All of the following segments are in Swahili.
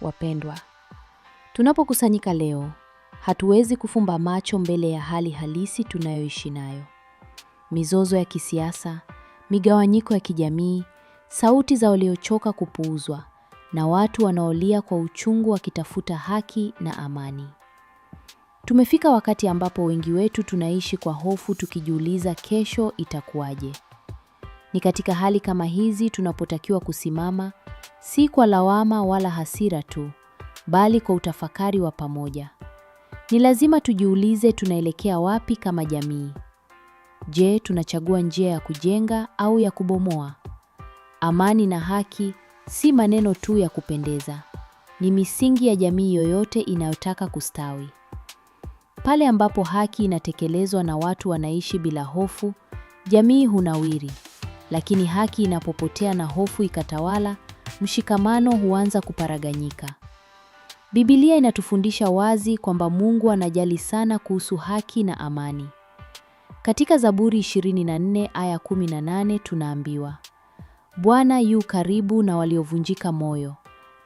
Wapendwa, tunapokusanyika leo, hatuwezi kufumba macho mbele ya hali halisi tunayoishi nayo: mizozo ya kisiasa, migawanyiko ya kijamii, sauti za waliochoka kupuuzwa, na watu wanaolia kwa uchungu wakitafuta haki na amani. Tumefika wakati ambapo wengi wetu tunaishi kwa hofu, tukijiuliza kesho itakuwaje. Ni katika hali kama hizi tunapotakiwa kusimama si kwa lawama wala hasira tu, bali kwa utafakari wa pamoja. Ni lazima tujiulize, tunaelekea wapi kama jamii? Je, tunachagua njia ya kujenga au ya kubomoa? Amani na haki si maneno tu ya kupendeza, ni misingi ya jamii yoyote inayotaka kustawi. Pale ambapo haki inatekelezwa na watu wanaishi bila hofu, jamii hunawiri. Lakini haki inapopotea na hofu ikatawala, mshikamano huanza kuparaganyika. Biblia inatufundisha wazi kwamba Mungu anajali sana kuhusu haki na amani. Katika Zaburi 24 aya 18 tunaambiwa, Bwana yu karibu na waliovunjika moyo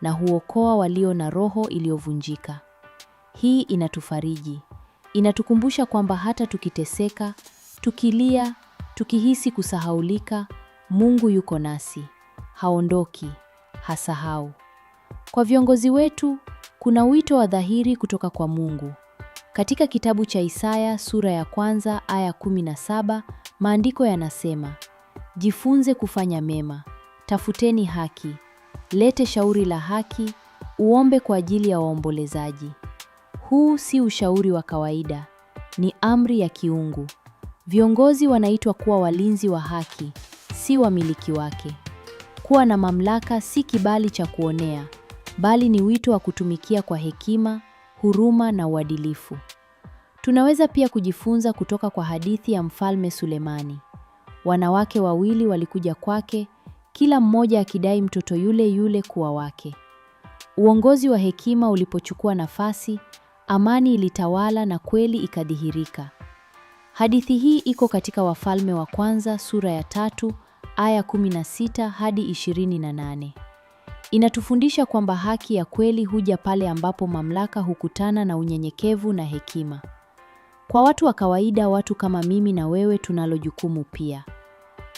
na huokoa walio na roho iliyovunjika. Hii inatufariji. Inatukumbusha kwamba hata tukiteseka, tukilia, tukihisi kusahaulika, Mungu yuko nasi. Haondoki hasahau. Kwa viongozi wetu kuna wito wa dhahiri kutoka kwa Mungu. Katika kitabu cha Isaya sura ya kwanza aya 17, maandiko yanasema: jifunze kufanya mema, tafuteni haki, lete shauri la haki, uombe kwa ajili ya waombolezaji. Huu si ushauri wa kawaida, ni amri ya kiungu. Viongozi wanaitwa kuwa walinzi wa haki, si wamiliki wake. Kuwa na mamlaka si kibali cha kuonea, bali ni wito wa kutumikia kwa hekima, huruma na uadilifu. Tunaweza pia kujifunza kutoka kwa hadithi ya Mfalme Sulemani. Wanawake wawili walikuja kwake, kila mmoja akidai mtoto yule yule kuwa wake. Uongozi wa hekima ulipochukua nafasi, amani ilitawala na kweli ikadhihirika. Hadithi hii iko katika Wafalme wa Kwanza sura ya tatu aya 16 hadi 28. Inatufundisha kwamba haki ya kweli huja pale ambapo mamlaka hukutana na unyenyekevu na hekima. Kwa watu wa kawaida, watu kama mimi na wewe, tunalo jukumu pia.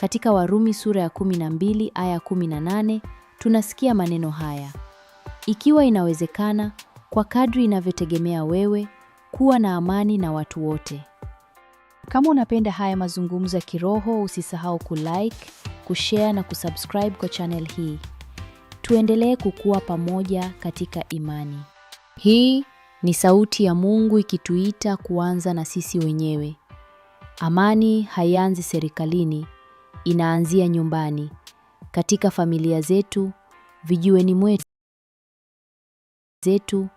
Katika Warumi sura ya 12 aya 18 tunasikia maneno haya: ikiwa inawezekana, kwa kadri inavyotegemea wewe, kuwa na amani na watu wote. Kama unapenda haya mazungumzo ya kiroho, usisahau kulike kushare na kusubscribe kwa channel hii. Tuendelee kukua pamoja katika imani. Hii ni sauti ya Mungu ikituita kuanza na sisi wenyewe. Amani haianzi serikalini, inaanzia nyumbani, katika familia zetu, vijiweni mwetu zetu,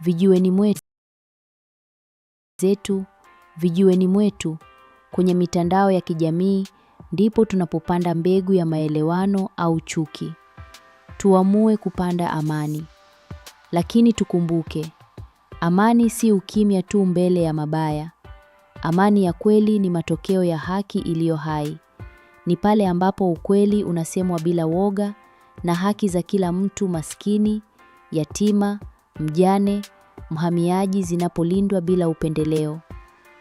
vijiweni mwetu zetu, vijiweni mwetu, kwenye mitandao ya kijamii ndipo tunapopanda mbegu ya maelewano au chuki. Tuamue kupanda amani. Lakini tukumbuke, amani si ukimya tu mbele ya mabaya. Amani ya kweli ni matokeo ya haki iliyo hai. Ni pale ambapo ukweli unasemwa bila woga na haki za kila mtu maskini, yatima, mjane, mhamiaji zinapolindwa bila upendeleo.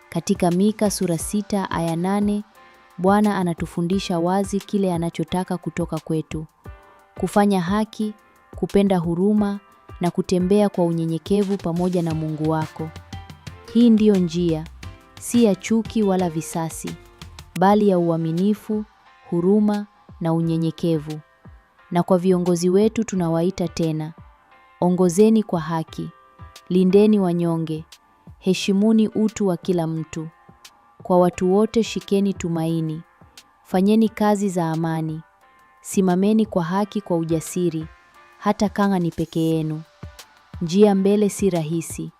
Katika Mika sura sita aya nane Bwana anatufundisha wazi kile anachotaka kutoka kwetu: kufanya haki, kupenda huruma na kutembea kwa unyenyekevu pamoja na Mungu wako. Hii ndiyo njia, si ya chuki wala visasi, bali ya uaminifu, huruma na unyenyekevu. Na kwa viongozi wetu tunawaita tena: ongozeni kwa haki, lindeni wanyonge, heshimuni utu wa kila mtu. Kwa watu wote shikeni tumaini, fanyeni kazi za amani, simameni kwa haki kwa ujasiri, hata kama ni peke yenu. Njia mbele si rahisi,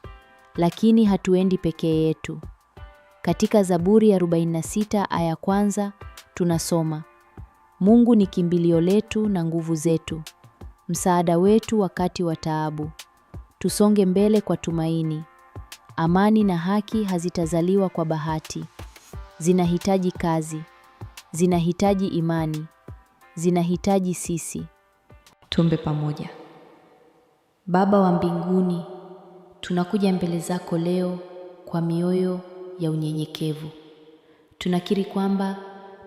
lakini hatuendi peke yetu. Katika Zaburi ya 46 aya kwanza tunasoma, Mungu ni kimbilio letu na nguvu zetu, msaada wetu wakati wa taabu. Tusonge mbele kwa tumaini. Amani na haki hazitazaliwa kwa bahati zinahitaji kazi, zinahitaji imani, zinahitaji sisi tumbe pamoja. Baba wa mbinguni, tunakuja mbele zako leo kwa mioyo ya unyenyekevu. Tunakiri kwamba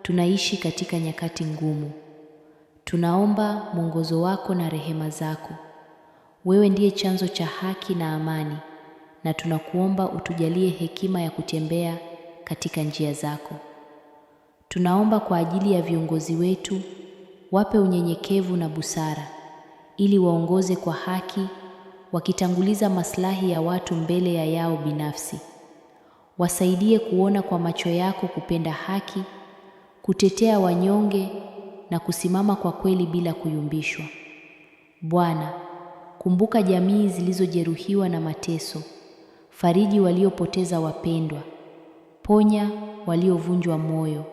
tunaishi katika nyakati ngumu. Tunaomba mwongozo wako na rehema zako. Wewe ndiye chanzo cha haki na amani, na tunakuomba utujalie hekima ya kutembea katika njia zako. Tunaomba kwa ajili ya viongozi wetu, wape unyenyekevu na busara, ili waongoze kwa haki, wakitanguliza maslahi ya watu mbele ya yao binafsi. Wasaidie kuona kwa macho yako kupenda haki, kutetea wanyonge na kusimama kwa kweli bila kuyumbishwa. Bwana, kumbuka jamii zilizojeruhiwa na mateso, fariji waliopoteza wapendwa Ponya waliovunjwa moyo,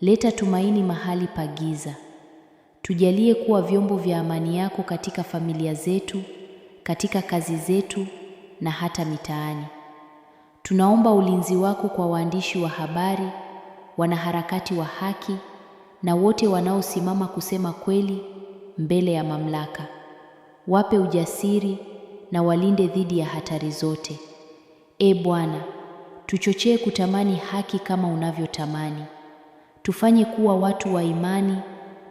leta tumaini mahali pa giza. Tujalie kuwa vyombo vya amani yako katika familia zetu, katika kazi zetu na hata mitaani. Tunaomba ulinzi wako kwa waandishi wa habari, wanaharakati wa haki na wote wanaosimama kusema kweli mbele ya mamlaka. Wape ujasiri na walinde dhidi ya hatari zote. E Bwana, tuchochee kutamani haki kama unavyotamani. Tufanye kuwa watu wa imani,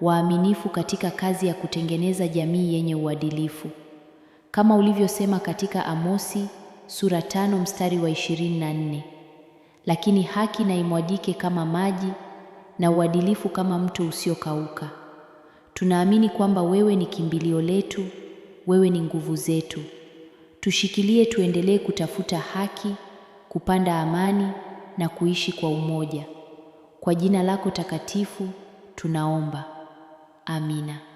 waaminifu katika kazi ya kutengeneza jamii yenye uadilifu. Kama ulivyosema katika Amosi sura tano mstari wa ishirini na nne, lakini haki na imwagike kama maji na uadilifu kama mto usiokauka. Tunaamini kwamba wewe ni kimbilio letu, wewe ni nguvu zetu. Tushikilie, tuendelee kutafuta haki, kupanda amani na kuishi kwa umoja. Kwa jina lako takatifu tunaomba. Amina.